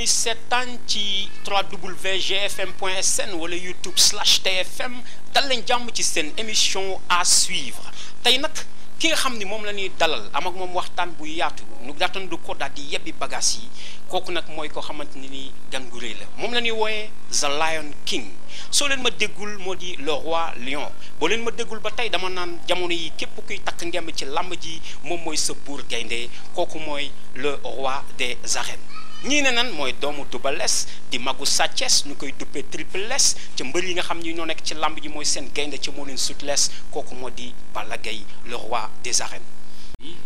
ni seetaan ci www.gfm.sn wala youtube slash tfm dal leen jàmm ci seen émission à suivre tey nag ki nga xam ni moom la ñuy dalal am ak moom waxtaan buy yaatu nu daatan du ko daal di yebbi bagages yi kooku nag mooy ko xamante ni ni gan la moom la ñuy wooyee The Lion King soo leen ma déggul moo di le roi lion boo leen ma déggul ba tey dama naan jamono yi képp kuy takk ngemb ci làmb ji moom mooy sa buur gaynde kooku mooy le roi des arènes ñii ne nan mooy doomu Double Less di magu Sathies ñu koy duppee Triple Less ca mbër yi nga xam ñi ñoo nekk ci làmb ji mooy seen gaynde ci moo leen sut lees kooku moo di Balla Gaye le roi des arènes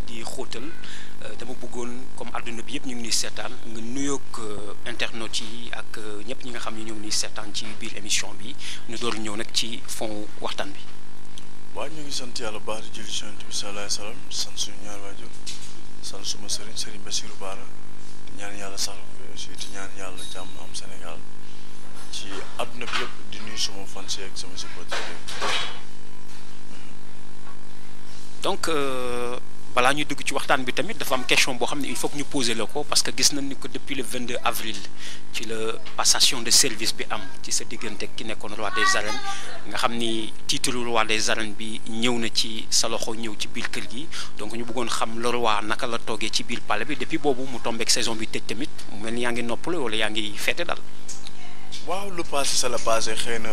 di xootal euh, dama bëggoon comme àdduna bi yëpp ñu ngi nuy seetaan nga nuyoog euh, internautes yi ak euh, ñëpp ñi nga xam ne ñoo ngi nuy seetaan ci biir émission bi ñu door ñëw nag ci fond waxtaan bi waa ñu ngi sant yàlla baax di jëli ci yonent bi sallallahu alayhi wa suma sëriñ sëriñ ñaan yàlla sax ci ñaan yàlla jàmm am Sénégal ci àdduna bi yëpp di nuyu sama fans ak sama supporters donc. Euh, balaa ñuy dugg ci waxtaan bi tamit dafa am question boo xam ne il faut que ñu poser la ko parce que gis nañ ni ko depuis le 22 avril ci la passation de service bi am ci sa diggante ki nekkoon roi des arènes nga xam ni titre roi des arènes bi ñëw na ci sa loxo ñëw ci biir kër gi donc ñu bëggoon xam le roi naka la toogee ci biir pale bi depuis boobu mu tombeek saison bi tëj tamit mu mel ni yaa ngi noppale wala yaa ngi fête daal. waaw lu passé sa xëy na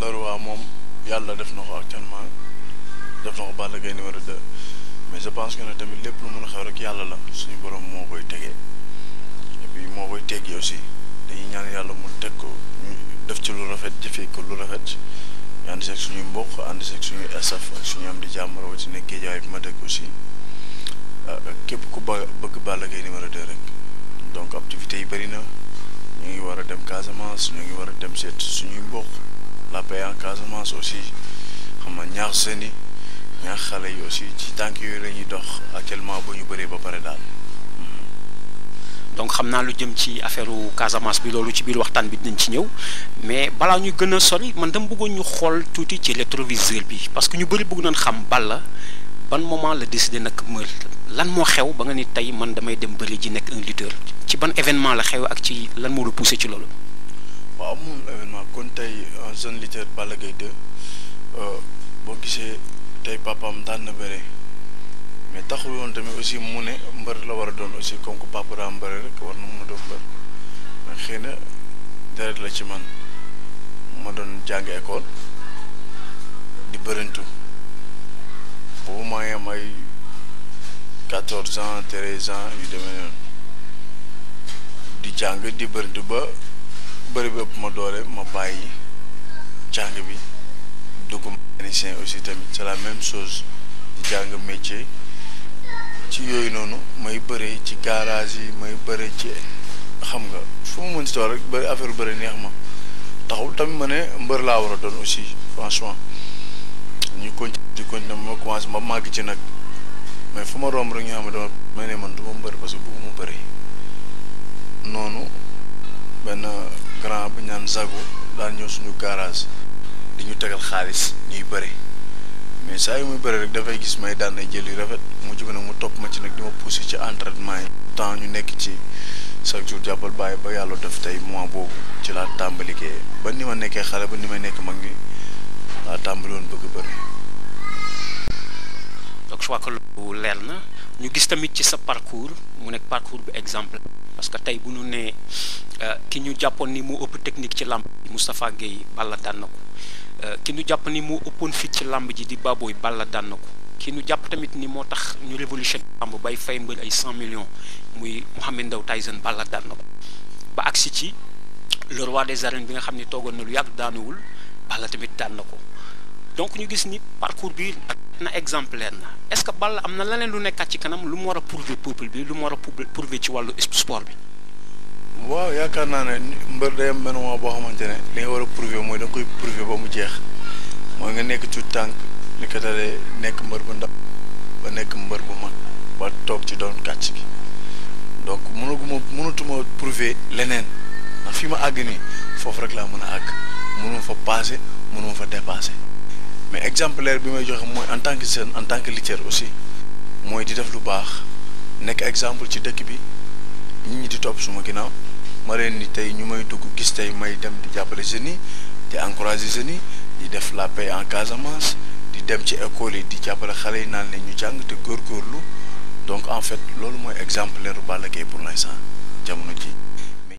le moom yàlla def na ko actuellement def na mais je pense que ne tamit lépp lu mën a xew rek yàlla la suñu borom moo koy tegee et moo koy teggee aussi dañuy ñaan yàlla mu teg ko ñu def ci lu rafet jëfee ko lu rafet ñu ànd seeg suñuy mbokk ànd seeg suñuy asaf ak suñu am di jàmm rawatina géejaay bi ma dëkk aussi euh, képp ku ba bëgg Balla Gaye numéro 2 donc activités yi bëri na ñu ngi war a dem Casamance ñu ngi war a dem seet suñuy mbokk la paix en Casamance aussi xam na ñaax seen i neex xale yi aussi ci tànk yooyu la ñuy dox actuellement bu ñu bëree ba pare daal. donc xam naa lu jëm ci affaire Casamance bi loolu ci biir waxtaan bi dinañ ci ñëw mais balaa ñuy gën a sori man dama bëggoon ñu xool tuuti ci rétroviseur bi parce que ñu bëri bëgg nañ xam la ban moment la décidé nag mooy lan moo xew ba nga ni tey man damay dem bari ji nekk un lutteur ci ban événement la xew ak ci lan moo la poussé ci loolu. waaw moom événement kon tey un jeune lutteur Balla Gaye 2 euh, boo gisee. tey papaam daan na bëre mais taxul woon tamit aussi mu ne mbër la war a doon aussi comme que papa daa mbëre rek war na mu a doon mbër mais na deret la ci man ma doon jàng école di bërintu boobu maa ngi am ay quatorze ans treize ans yu demee noonu di jàng di bërintu ba bëri bi ëpp ma doole ma bàyyi jàng bi dugg mécanicien aussi tamit c'est la même chose di jàng métier ci yooyu noonu may bëree ci garage yi may bëree ci xam nga fu ma mën si rek bëri affaire bëri neex ma taxul tamit ma ne mbër laa war a doon aussi franchement ñu continuer di continuer ma commencé ma màgg ci nag mais fu ma romb rek ñu xam ne dama ma ne man du ma mbër parce que bëgguma bëri noonu benn grand bu ñaan Zago daan ñëw suñu garage di ñu tegal xaalis ñuy bëri mais saa yu muy bëri rek dafay gis may daan ay jël yu rafet mu jug nag mu topp ma ci nag di ma poussé ci entraînement yi. temps ñu nekk ci chaque jour jàppal bàyyi ba yàlla def tey mois boobu ci laa tàmbalikee ba ni ma nekkee xale ba ni may nekk mag ni waa tàmbali woon bëgg bëri. donc je crois que ñu gis tamit ci sa parcours mu nekk parcours bu exemple parce que tey bu ñu nee euh, ki ñu jàppoon ni mu ëpp technique ci làmb ji Moustapha Guèye Balla daan na ko euh, ki nu jàpp ni moo ëppoon fit ci làmb ji di Baboy Balla daan na ko ki nu jàpp tamit ni moo tax ñu révolution làmb bay fay mbër ay cent millions muy Mohamed Ndao Tyson Balla daan na ko ba agsi ci le roi des arènes bi nga xam ne toogoon na lu yàgg daanuwul Balla tamit daan na ko donc ñu gis ni parcours na exemplaire na est-ce que Balla am na leneen lu nekkaat ci kanam lu mu war a prouver peuple bi lu mu war a prouver ci wàllu sport bi. waaw yaakaar naa ne mbër day am benn moment boo xamante ne li nga war a prouver mooy da nga koy prouver ba mu jeex mooy nga nekk ci tànk li ko dalee nekk mbër bu ndaw ba nekk mbër bu mag ba toog ci doon kàcc gi donc mënaguma mënatuma prouver leneen ndax fi ma àgg nii foofu rek laa mën a àgg mënuma fa passé mënuma fa dépassé. mais exemplaire bi may joxe mooy en tant que jeune en tant que lutteur aussi mooy di def lu baax nekk exemple ci dëkk bi nit ñi di topp suma ginnaaw ma leen ni tey ñu may dugg gis tey may dem di jàppale jeunes te di encourager yi di def la paix en Casamance di dem ci école yi di jàppale xale yi naan leen ñu jàng te góorgóorlu donc en fait loolu mooy exemplaire u Balla Gaye pour l'instant jamono jii